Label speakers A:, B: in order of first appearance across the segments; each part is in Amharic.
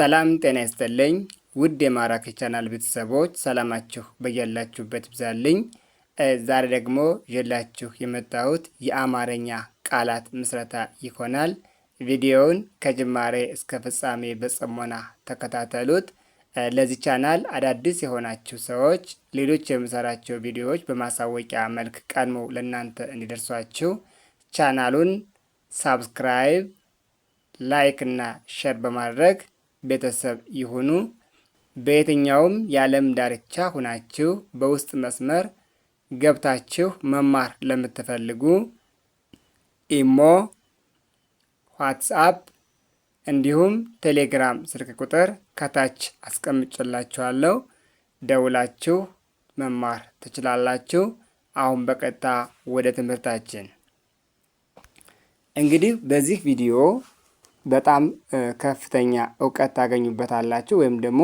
A: ሰላም ጤና ይስጥልኝ ውድ የማራኪ ቻናል ቤተሰቦች ሰላማችሁ በያላችሁበት ብዛልኝ። ዛሬ ደግሞ ይዤላችሁ የመጣሁት የአማርኛ ቃላት ምስረታ ይሆናል። ቪዲዮውን ከጅማሬ እስከ ፍጻሜ በጽሞና ተከታተሉት። ለዚህ ቻናል አዳዲስ የሆናችሁ ሰዎች ሌሎች የምሰራቸው ቪዲዮዎች በማሳወቂያ መልክ ቀድሞ ለእናንተ እንዲደርሷችሁ ቻናሉን ሳብስክራይብ፣ ላይክ እና ሸር በማድረግ ቤተሰብ ይሁኑ። በየትኛውም የዓለም ዳርቻ ሁናችሁ በውስጥ መስመር ገብታችሁ መማር ለምትፈልጉ ኢሞ፣ ዋትስአፕ እንዲሁም ቴሌግራም ስልክ ቁጥር ከታች አስቀምጭላችኋለሁ ደውላችሁ መማር ትችላላችሁ። አሁን በቀጥታ ወደ ትምህርታችን እንግዲህ በዚህ ቪዲዮ በጣም ከፍተኛ እውቀት ታገኙበታላችሁ ወይም ደግሞ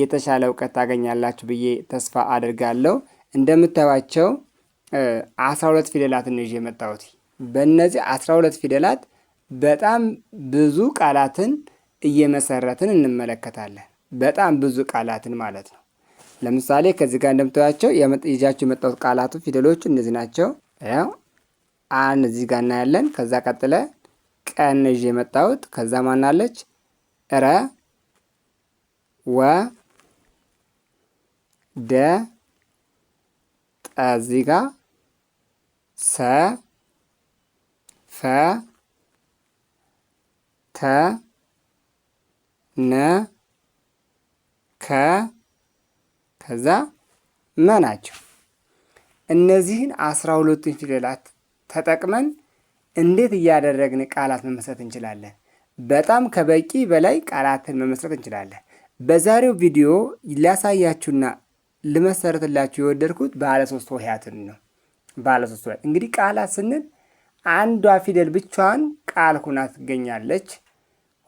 A: የተሻለ እውቀት ታገኛላችሁ ብዬ ተስፋ አድርጋለሁ። እንደምታዩቸው አስራ ሁለት ፊደላትን ነው ይዤ የመጣሁት። በእነዚህ አስራ ሁለት ፊደላት በጣም ብዙ ቃላትን እየመሰረትን እንመለከታለን። በጣም ብዙ ቃላትን ማለት ነው። ለምሳሌ ከዚህ ጋር እንደምታዩቸው ይዣቸው የመጣሁት ቃላቱ ፊደሎቹ እነዚህ ናቸው። ያው እዚህ ጋር እናያለን። ከዛ ቀጥለ ቀን የመጣውት ይዤ የመጣሁት። ከዛ ማናለች ረ ወ ደ ጠዚጋ ሰ ፈ ተ ነ ከ ከዛ መ ናቸው። እነዚህን አስራ ሁለቱን ፊደላት ተጠቅመን እንዴት እያደረግን ቃላት መመስረት እንችላለን? በጣም ከበቂ በላይ ቃላትን መመስረት እንችላለን። በዛሬው ቪዲዮ ሊያሳያችሁና ልመሰረትላችሁ የወደድኩት ባለ ሶስት ሆሄያትን ነው። ባለ ሶስት ሆሄያት እንግዲህ ቃላት ስንል አንዷ ፊደል ብቻዋን ቃል ሁና ትገኛለች።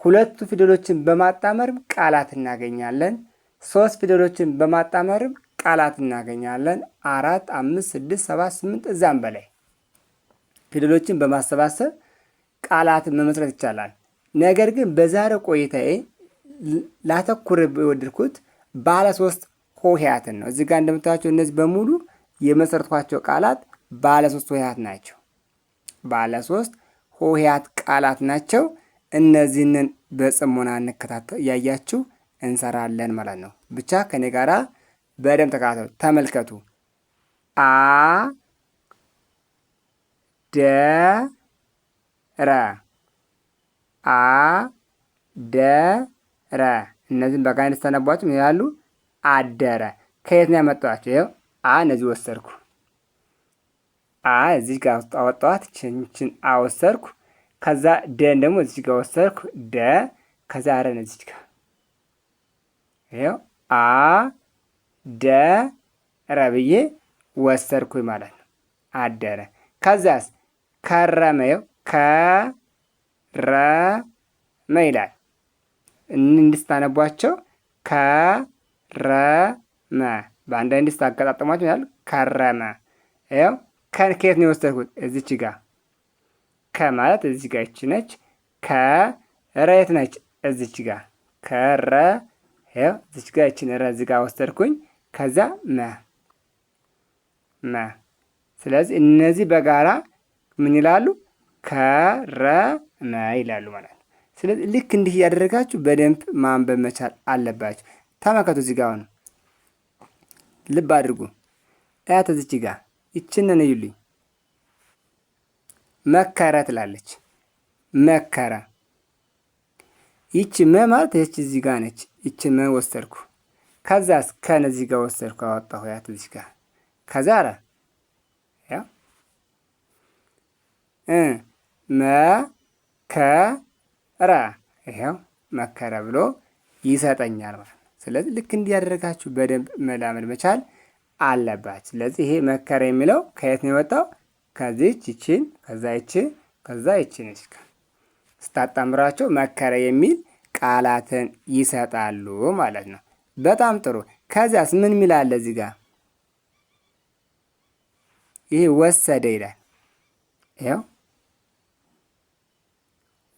A: ሁለቱ ፊደሎችን በማጣመርም ቃላት እናገኛለን። ሶስት ፊደሎችን በማጣመርም ቃላት እናገኛለን። አራት፣ አምስት፣ ስድስት፣ ሰባት፣ ስምንት እዛም በላይ ፊደሎችን በማሰባሰብ ቃላትን መመስረት ይቻላል። ነገር ግን በዛሬ ቆይታዬ ላተኩር የወደድኩት ባለ ሶስት ሆሄያትን ነው። እዚህ ጋር እነዚህ በሙሉ የመሰረትኳቸው ቃላት ባለ ሶስት ሆሄያት ናቸው። ባለ ሶስት ሆሄያት ቃላት ናቸው። እነዚህንን በጽሞና እንከታተል እያያችሁ እንሰራለን ማለት ነው። ብቻ ከኔ ጋራ በደንብ ተከታተሉ፣ ተመልከቱ አ ደረ አደረ እነዚህም በካይን ስተነቧቸው ምን ይላሉ? አደረ። ከየት ነው ያመጣኋቸው? ይኸው አ እነዚህ ወሰድኩ። አ እዚህ ጋር አወጣኋት። ችንችን አ ወሰድኩ። ከዛ ደን ደግሞ እዚህ ጋር ወሰድኩ። ደ ከዛ አረ እነዚህ ጋር ይኸው አ ደ ብዬ ወሰድኩኝ ማለት ነው። አደረ ከዛስ ከረመ ው ከረመ ይላል። እንድስታነቧቸው ከረመ በአንድ ላይ እንድስታገጣጥሟቸው ይላል። ከረመ ው ከየት ነው የወሰድኩት? እዚች ጋ ከማለት እዚች ጋ ይች ነች። ከረየት ነች እዚች ጋ ከረ ው እዚች ጋ ይችን ረ እዚ ጋ ወሰድኩኝ። ከዛ መ መ ስለዚህ እነዚህ በጋራ ምን ይላሉ? ከረመ ይላሉ ማለት ነው። ስለዚህ ልክ እንዲህ እያደረጋችሁ በደንብ ማንበብ መቻል አለባችሁ። ተመከቱ እዚህ ጋር ልብ አድርጉ። እያት እዚች ጋ ይችንን መከረ ትላለች። መከረ ይቺ መ ማለት ይቺ እዚህ ጋ ነች። ይች መ ወሰድኩ። ከዛስ ከነዚህ ጋ ወሰድኩ አወጣሁ። ያት ጋ ጋር ከዛ መከረ ይኸው መከረ ብሎ ይሰጠኛል ማለት ነው። ስለዚህ ልክ እንዲያደርጋችሁ በደንብ መላመድ መቻል አለባችሁ። ስለዚህ ይሄ መከረ የሚለው ከየት ነው የወጣው? ከዚች ይችን፣ ከዛ ይችን፣ ከዛ ይችን ስታጣምራቸው መከረ የሚል ቃላትን ይሰጣሉ ማለት ነው። በጣም ጥሩ። ከዚያስ ምን ሚል አለ እዚህ ጋር? ይሄ ወሰደ ይላል። ይኸው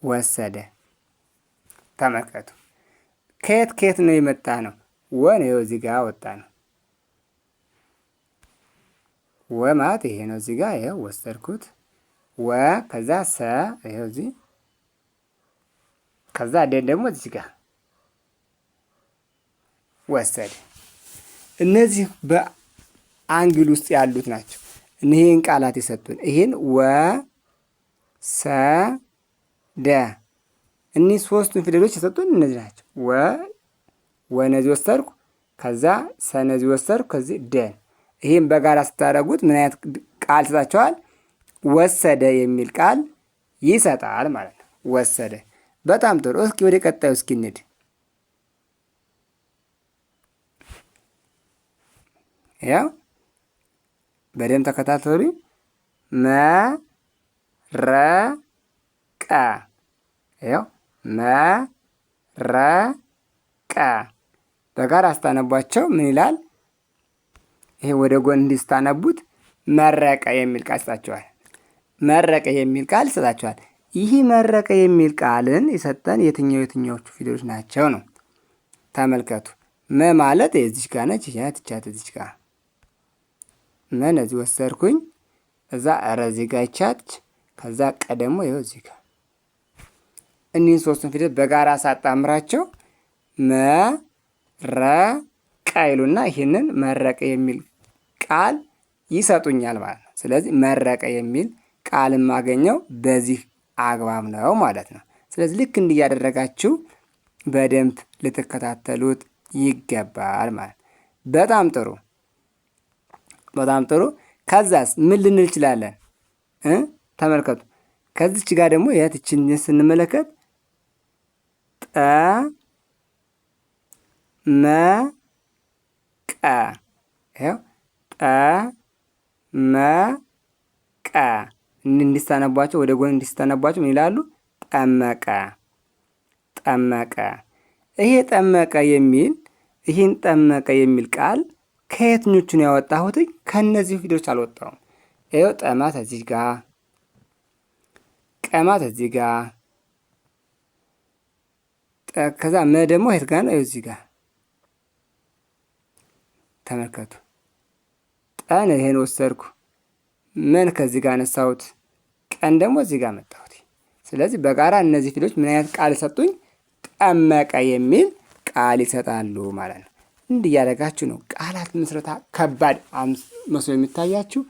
A: ወሰደ። ተመልከቱ ከየት ከየት ነው የመጣ ነው? ወ ነው እዚህ ጋር ወጣ ነው። ወ ማለት ይሄ ነው። እዚህ ጋር ይኸው ወሰድኩት። ወ ከዛ ሰ ይኸው እዚህ ከዛ ደን ደግሞ እዚህ ጋር ወሰደ። እነዚህ በአንግል ውስጥ ያሉት ናቸው። እነሄን ቃላት የሰጡን ይህን ወ ሰ ደ እኒህ ሶስቱን ፊደሎች የሰጡን እነዚህ ናቸው። ወ ወነዚህ ወሰድኩ፣ ከዛ ሰነዚህ ወሰድኩ፣ ከዚህ ደን። ይህም በጋራ ስታደረጉት ምን አይነት ቃል ይሰጣቸዋል? ወሰደ የሚል ቃል ይሰጣል ማለት ነው። ወሰደ። በጣም ጥሩ። እስኪ ወደ ቀጣዩ እስኪ እንሂድ። ያው በደንብ ተከታተሉ። መረቀ ይኸው መረቀ በጋራ አስታነቧቸው ምን ይላል? ይሄ ወደ ጎን እንዲስታነቡት መረቀ የሚል ቃል ይሰጣችኋል። መረቀ የሚል ቃል ይሰጣችኋል። ይህ መረቀ የሚል ቃልን የሰጠን የትኛው የትኛዎቹ ፊደሎች ናቸው ነው? ተመልከቱ። መ ማለት የዚች ጋ ነች። ያት ቻት እዚች ጋ መን እዚህ ወሰድኩኝ። እዛ ረዚጋ ይቻች ከዛ ቀ ይኸው እዚህ ጋ እኒህን ሶስቱን ፊደል በጋራ ሳጣምራቸው መረቃ ይሉና ይህንን መረቀ የሚል ቃል ይሰጡኛል ማለት ነው። ስለዚህ መረቀ የሚል ቃል የማገኘው በዚህ አግባብ ነው ማለት ነው። ስለዚህ ልክ እንዲያደረጋችሁ በደንብ ልትከታተሉት ይገባል ማለት በጣም ጥሩ በጣም ጥሩ። ከዛስ ምን ልንል እንችላለን? ተመልከቱ። ከዚች ጋር ደግሞ የትችን ስንመለከት መ ቀ ጠመቀ ይኸው ቀ እንዲስተነቧቸው ወደ ጎን እንዲስተነቧቸው ምን ይላሉ? ጠመቀ ጠመቀ። ይሄ ጠመቀ የሚል ይህን ጠመቀ የሚል ቃል ከየትኞቹን ያወጣሁት? ከእነዚህ ፊደሎች አልወጣውም። ይኸው ጠማት እዚህ ጋር ቀማት እዚህ ጋር ከዛ መ ደግሞ የት ነው? እዚህ ጋ ተመልከቱ። ጠን ይሄን ወሰድኩ። ምን ከዚህ ጋ አነሳሁት። ቀን ደግሞ እዚህ ጋ መጣሁት። ስለዚህ በጋራ እነዚህ ፊደሎች ምን አይነት ቃል ሰጡኝ? ጠመቀ የሚል ቃል ይሰጣሉ ማለት ነው። እንዲህ እያደረጋችሁ ነው። ቃላት ምስረታ ከባድ መስሎ የሚታያችሁ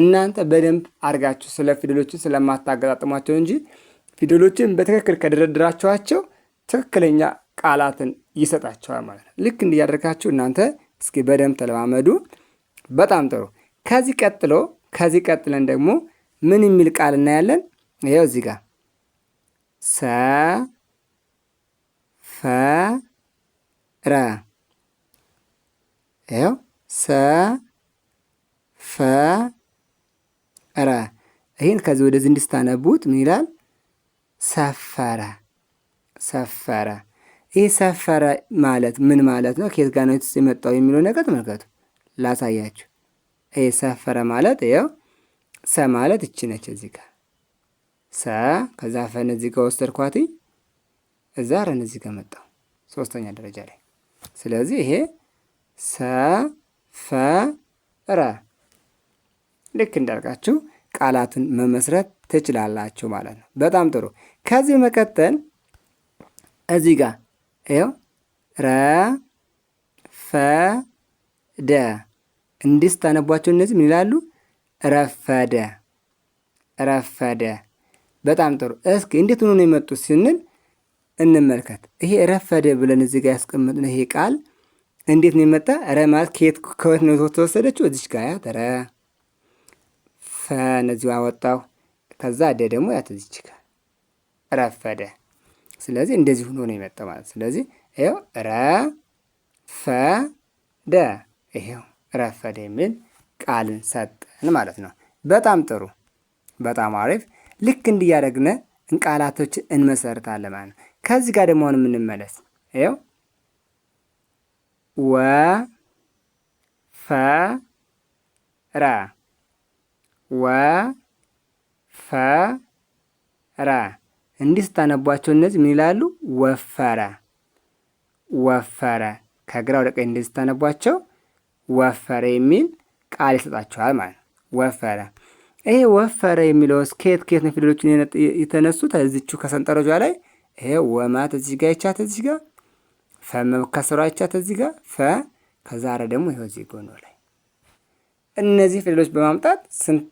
A: እናንተ በደንብ አድርጋችሁ ስለ ፊደሎችን ስለማታገጣጥሟቸው እንጂ ፊደሎችን በትክክል ከደረደራችኋቸው ትክክለኛ ቃላትን ይሰጣቸዋል ማለት ነው። ልክ እንዲያደርጋችሁ እናንተ እስኪ በደንብ ተለማመዱ። በጣም ጥሩ። ከዚህ ቀጥሎ ከዚህ ቀጥለን ደግሞ ምን የሚል ቃል እናያለን? ይኸው እዚህ ጋር ሰፈረ። ይኸው ረ ይህን ከዚህ ወደዚህ እንድስታነቡት ምን ይላል? ሰፈረ ሰፈረ። ይህ ሰፈረ ማለት ምን ማለት ነው? ከየት ጋር ነው የመጣው የሚለው ነገር ተመልከቱ፣ ላሳያችሁ። ይህ ሰፈረ ማለት ይኸው ሰ ማለት እች ነች እዚህ ጋር ሰ፣ ከዛ ፈን እዚህ ጋር ወሰድኳት፣ እዛ ረን እዚህ ጋር መጣው ሶስተኛ ደረጃ ላይ። ስለዚህ ይሄ ሰፈረ። ልክ እንዳልቃችሁ ቃላትን መመስረት ትችላላችሁ ማለት ነው። በጣም ጥሩ። ከዚህ መቀጠል እዚህ ጋር ይኸው ረፈደ። እንዲህ ስታነቧቸው እነዚህ ምን ይላሉ? ረፈደ ረፈደ። በጣም ጥሩ። እስኪ እንዴት ሆኖ ነው የመጡት ስንል እንመልከት። ይሄ ረፈደ ብለን እዚህ ጋር ያስቀመጥነው ይሄ ቃል እንዴት ነው የመጣ? ረ ማለት ከየት ከወት ነው ተወሰደችው? እዚች ጋር ያት ረ ፈ እነዚሁ አወጣው። ከዛ ደ ደግሞ ያት እዚች ጋር ረፈደ ስለዚህ እንደዚህ ሆኖ ነው የመጣ ማለት። ስለዚህ ይኸው ረፈደ፣ ይኸው ረፈደ የሚል ቃልን ሰጠን ማለት ነው። በጣም ጥሩ፣ በጣም አሪፍ። ልክ እንዲያደረግነ እንቃላቶች እንመሰርታለን ማለት ነው። ከዚህ ጋር ደግሞ አሁን የምንመለስ ይኸው ፈ። ወፈረ እንዲህ ስታነቧቸው እነዚህ ምን ይላሉ? ወፈረ ወፈረ። ከግራ ወደ ቀኝ እንደዚህ ስታነቧቸው ወፈረ የሚል ቃል ይሰጣቸዋል ማለት ነው። ወፈረ። ይሄ ወፈረ የሚለው ከየት ከየት ነው ፊደሎችን የተነሱት? እዚቹ ከሰንጠረጇ ላይ ይሄ ወማ ተዚህ ጋ ይቻት እዚህ ጋ ፈመከሰሯ ይቻት እዚህ ጋ ፈ ከዛረ ደግሞ ይኸው እዚህ ጎኖ ላይ እነዚህ ፊደሎች በማምጣት ስንት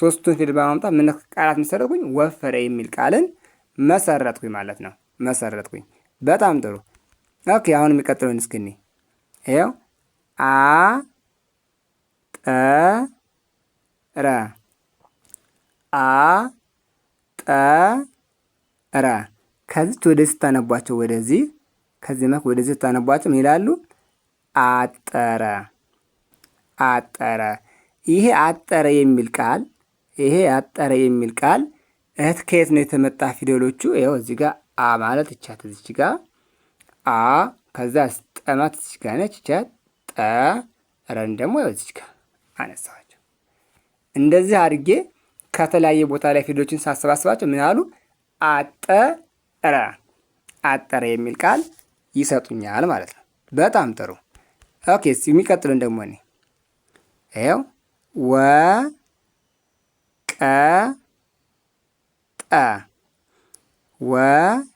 A: ሶስቱን ፊደል በማምጣት ምን ቃላት መሰረትኩኝ? ወፈረ የሚል ቃልን መሰረትኩኝ ማለት ነው። መሰረትኩኝ። በጣም ጥሩ። ኦኬ አሁን የሚቀጥለውን እስክኒ ይኸው አ ጠ ረ አ ጠ ረ ከዚች ወደዚህ ስታነቧቸው ወደዚህ ከዚህ መክ ወደዚህ ስታነቧቸው ምን ይላሉ? አጠረ አጠረ ይሄ አጠረ የሚል ቃል ይሄ አጠረ የሚል ቃል እህት ከየት ነው የተመጣ? ፊደሎቹ ይኸው እዚህ ጋር አ ማለት ይቻት እዚች ጋ አ ከዛ ስጠማት እዚች ጋ ነች ይቻት ጠ ረን ደግሞ ይኸው እዚች ጋ አነሳኋቸው። እንደዚህ አድርጌ ከተለያየ ቦታ ላይ ፊደሎችን ሳሰባስባቸው ምን አሉ? አጠረ አጠረ የሚል ቃል ይሰጡኛል ማለት ነው። በጣም ጥሩ ኦኬ። የሚቀጥለን ደግሞ እኔ ይኸው ወቀጠ ወቀጠ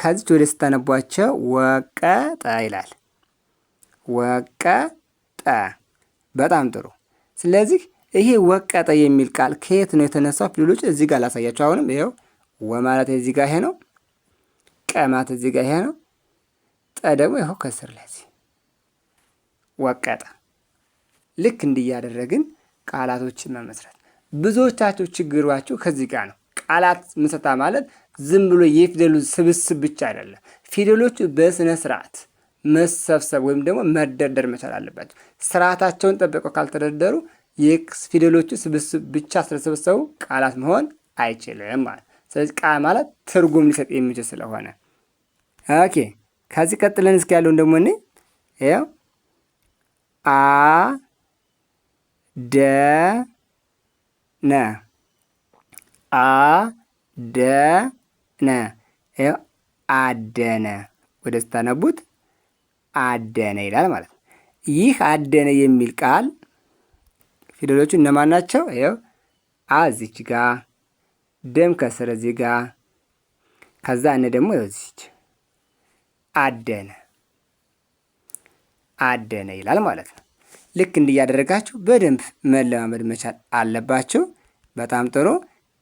A: ከዚች ወደ ስታነቧቸው ወቀጠ ይላል። ወቀጠ በጣም ጥሩ። ስለዚህ ይሄ ወቀጠ የሚል ቃል ከየት ነው የተነሳው? ፊደሎች እዚህ ጋር ላሳያቸው። አሁንም ይኸው ወ ማለት እዚህ ጋር ይሄ ነው። ቀ ማለት እዚህ ጋር ይሄ ነው። ጠ ደግሞ ይኸው ከስር ለዚህ ወቀጠ ልክ እንዲያደረግን ቃላቶችን መመስረት። ብዙዎቻችሁ ችግሯችሁ ከዚህ ጋር ነው። ቃላት ምስረታ ማለት ዝም ብሎ የፊደሉ ስብስብ ብቻ አይደለም። ፊደሎቹ በስነ ስርዓት መሰብሰብ ወይም ደግሞ መደርደር መቻል አለባቸው። ስርዓታቸውን ጠብቀው ካልተደርደሩ የፊደሎቹ ስብስብ ብቻ ስለሰበሰቡ ቃላት መሆን አይችልም ማለት። ስለዚህ ቃል ማለት ትርጉም ሊሰጥ የሚችል ስለሆነ ኦኬ። ከዚህ ቀጥለን እስኪ ያለውን ደግሞ እኔ ያው አ ደነ አደነ አደነ ወደ ስታነቡት አደነ ይላል ማለት ነው። ይህ አደነ የሚል ቃል ፊደሎቹ እነማን ናቸው? ይኸው አ እዚች ጋ ደም ከስረ እዚህ ጋ ከዛ እነ ደግሞ እዚች አደነ አደነ ይላል ማለት ነው። ልክ እንዲያደረጋችሁ በደንብ መለማመድ መቻል አለባችሁ። በጣም ጥሩ።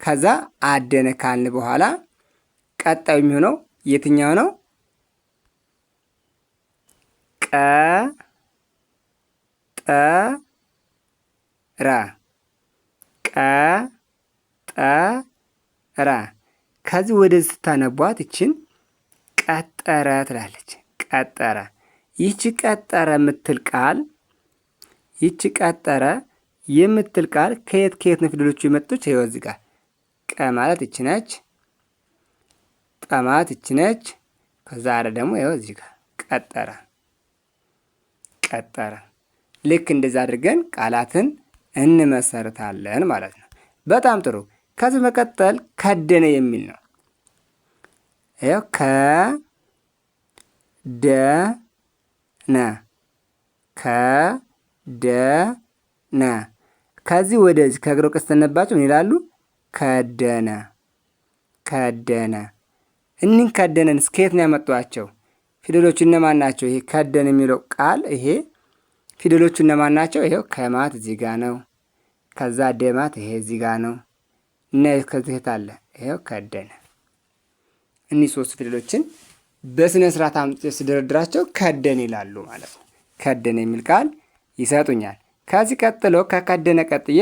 A: ከዛ አደነ ካልን በኋላ ቀጣዩ የሚሆነው የትኛው ነው? ጠ ቀጠረ። ከዚህ ወደዚህ ስታነቧት ይችን ቀጠረ ትላለች። ቀጠረ። ይቺ ቀጠረ የምትል ቃል ይቺ ቀጠረ የምትል ቃል ከየት ከየት ነው ፊደሎቹ የመጡት? ይኸው እዚህ ጋር ቀ ማለት ይቺ ነች፣ ጠ ማለት ይቺ ነች። ከዛ አረ ደግሞ ይኸው እዚህ ጋር ቀጠረ ቀጠረ። ልክ እንደዛ አድርገን ቃላትን እንመሰርታለን ማለት ነው። በጣም ጥሩ። ከዚህ መቀጠል ከደነ የሚል ነው። ይኸው ከደነ ከ ደነ ከዚህ ወደዚህ ከእግረው ቀስት ተነባቸው ምን ይላሉ? ከደነ ከደነ። እኒን ከደነን እስከየት ነው ያመጧቸው? ፊደሎቹ እነማን ናቸው? ይሄ ከደነ የሚለው ቃል ይሄ ፊደሎቹ እነማን ናቸው? ይሄው ከማት እዚህ ጋ ነው። ከዛ ደማት ይሄ እዚህ ጋ ነው። እና ከዚህ አለ? ይሄው ከደነ። እኒህ ሶስት ፊደሎችን በስነ ስርዓት አምጥቼ ስደረድራቸው ከደን ይላሉ ማለት ነው። ከደን የሚል ቃል ይሰጡኛል። ከዚህ ቀጥሎ ከከደነ ቀጥዬ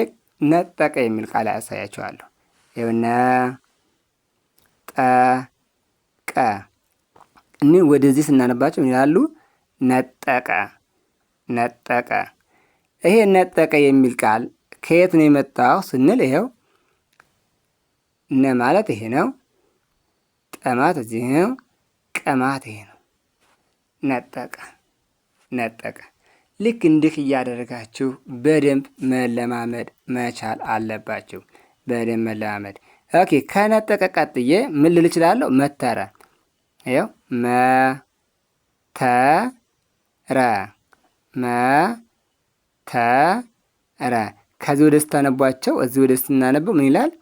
A: ነጠቀ የሚል ቃል ያሳያቸዋለሁ። ይኸውና ጠቀ እኒ ወደዚህ ስናነባቸው ይላሉ ነጠቀ ነጠቀ። ይሄ ነጠቀ የሚል ቃል ከየት ነው የመጣው ስንል ይኸው ነ ማለት ይሄ ነው። ጠማት እዚህ ነው። ቀማት ይሄ ነው። ነጠቀ ነጠቀ ልክ እንዲህ እያደረጋችሁ በደንብ መለማመድ መቻል አለባችሁ። በደንብ መለማመድ። ኦኬ ከነጠቀ ቀጥዬ ምን ልል እችላለሁ? መተረ ው መተረ መተረ። ከዚህ ወደ ስታነቧቸው እዚህ ወደ ስናነበው ምን ይላል?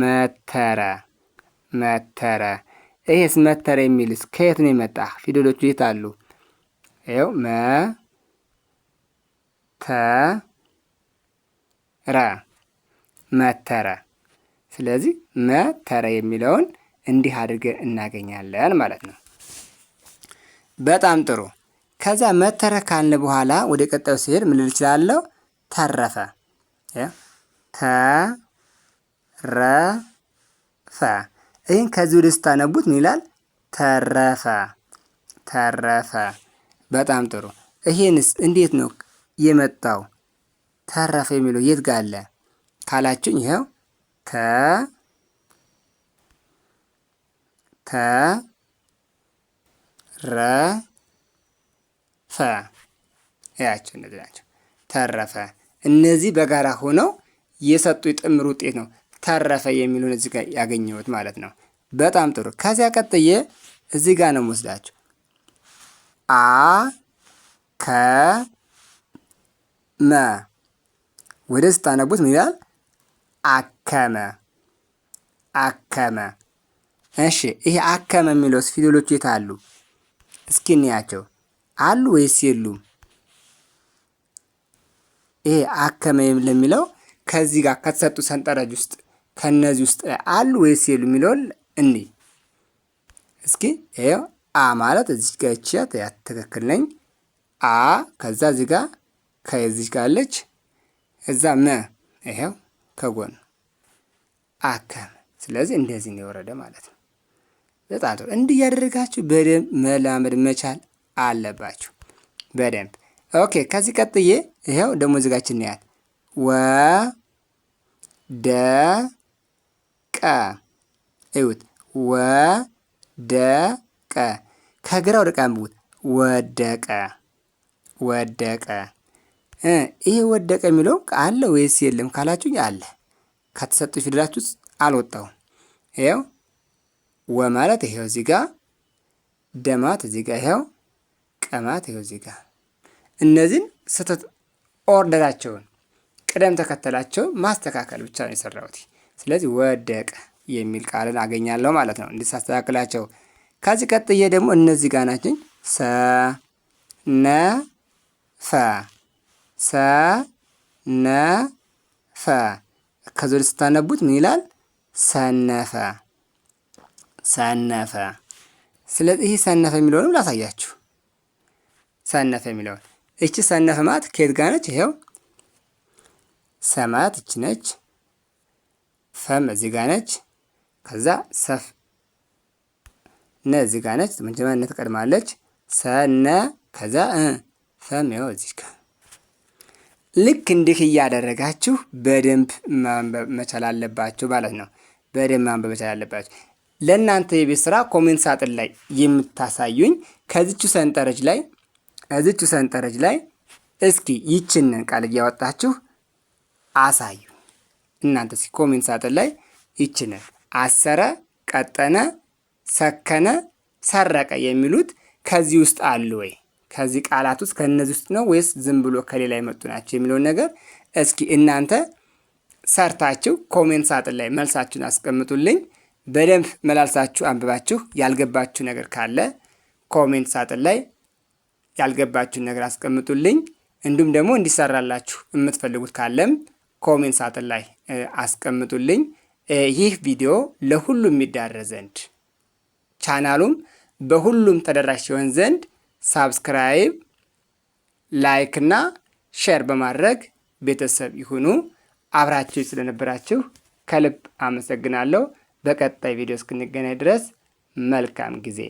A: መተረ መተረ። ይሄስ መተረ የሚልስ ከየት ነው የመጣ? ፊደሎቹ የት አሉ? መ ተረ መተረ። ስለዚህ መተረ የሚለውን እንዲህ አድርገን እናገኛለን ማለት ነው። በጣም ጥሩ። ከዛ መተረ ካልን በኋላ ወደ ቀጣዩ ሲሄድ ምን ልል እችላለሁ? ተረፈ ተረፈ። ይህን ከዚህ ወደ ስታነቡት ምን ይላል? ተረፈ ተረፈ። በጣም ጥሩ። ይሄንስ እንዴት ነው የመጣው ተረፈ የሚለው የት ጋር አለ ካላችሁኝ፣ ይኸው ተ ተ ረ ፈ ያቸው እነዚህ ናቸው። ተረፈ እነዚህ በጋራ ሆነው የሰጡ የጥምር ውጤት ነው ተረፈ የሚሉን እዚህ ጋር ያገኘሁት ማለት ነው። በጣም ጥሩ። ከዚያ ቀጥዬ እዚህ ጋር ነው የምወስዳችሁ። አ ከ መ ወደ ስታነቡት ምን ይላል? አከመ አከመ። እሺ ይሄ አከመ የሚለው ፊደሎቹ የት አሉ? እስኪ እንያቸው አሉ ወይስ የሉም? ይሄ አከመ ለሚለው ከዚህ ጋር ከተሰጡ ሰንጠረዥ ውስጥ ከነዚህ ውስጥ አሉ ወይስ የሉ የሚለውን እኒ እስኪ ይኸው አ ማለት እዚህ ጋር ትክክል ነኝ። አ ከዛ እዚህ ጋር ከየዚች ጋር አለች እዛ መ ይሄው ከጎን አከም። ስለዚህ እንደዚህ ነው የወረደ ማለት ነው። በጣም ጥሩ። እንዲህ እያደረጋችሁ በደንብ መላመድ መቻል አለባችሁ በደንብ ኦኬ። ከዚህ ቀጥዬ ይሄው ደግሞ ዝጋችን ያት ወ ደ ቀ እዩት። ወ ደ ቀ ከግራ ወደ ቀ ወደቀ ወደቀ ይሄ ወደቀ የሚለው አለ ወይስ የለም ካላችሁኝ አለ። ከተሰጡ ፊደላት ውስጥ አልወጣውም። ይኸው ወ ማለት ይሄው እዚህ ጋ ደማት እዚህ ጋ ይኸው ቀማት ይኸው እዚህ ጋ እነዚህን ስህተት ኦርደራቸውን ቅደም ተከተላቸውን ማስተካከል ብቻ ነው የሰራሁት። ስለዚህ ወደቀ የሚል ቃልን አገኛለሁ ማለት ነው እንዲሳስተካክላቸው። ከዚህ ቀጥዬ ደግሞ እነዚህ ጋ ናችን ሰ ነ ሰነፈ ከዚ ወዲህ ስታነቡት ምን ይላል? ሰነፈ ሰነፈ። ስለዚህ ይህ ሰነፈ የሚለውንም ላሳያችሁ። ሰነፈ የሚለውን እቺ ሰነፈ ማለት ከየት ጋር ነች? ይኸው ሰማት እች ነች። ፈም እዚህ ጋር ነች። ከዛ ሰፍ ነ እዚህ ጋር ነች። መጀመሪያ ነ ትቀድማለች። ሰነ ከዛ ፈም ይኸው እዚህ ጋር ልክ እንዲህ እያደረጋችሁ በደንብ ማንበብ መቻል አለባችሁ ማለት ነው። በደንብ ማንበብ መቻል አለባችሁ። ለእናንተ የቤት ስራ ኮሜንት ሳጥን ላይ የምታሳዩኝ ከዚቹ ሰንጠረጅ ላይ እዚቹ ሰንጠረጅ ላይ እስኪ ይችንን ቃል እያወጣችሁ አሳዩ። እናንተ እስኪ ኮሜንት ሳጥን ላይ ይችንን አሰረ፣ ቀጠነ፣ ሰከነ፣ ሰረቀ የሚሉት ከዚህ ውስጥ አሉ ወይ? ከዚህ ቃላት ውስጥ ከእነዚህ ውስጥ ነው ወይስ ዝም ብሎ ከሌላ የመጡ ናቸው የሚለውን ነገር እስኪ እናንተ ሰርታችሁ ኮሜንት ሳጥን ላይ መልሳችሁን አስቀምጡልኝ። በደንብ መላልሳችሁ አንብባችሁ ያልገባችሁ ነገር ካለ ኮሜንት ሳጥን ላይ ያልገባችሁን ነገር አስቀምጡልኝ። እንዲሁም ደግሞ እንዲሰራላችሁ የምትፈልጉት ካለም ኮሜንት ሳጥን ላይ አስቀምጡልኝ። ይህ ቪዲዮ ለሁሉም የሚዳረስ ዘንድ ቻናሉም በሁሉም ተደራሽ ሲሆን ዘንድ ሳብስክራይብ፣ ላይክ እና ሼር በማድረግ ቤተሰብ ይሁኑ። አብራችሁ ስለነበራችሁ ከልብ አመሰግናለሁ። በቀጣይ ቪዲዮ እስክንገናኝ ድረስ መልካም ጊዜ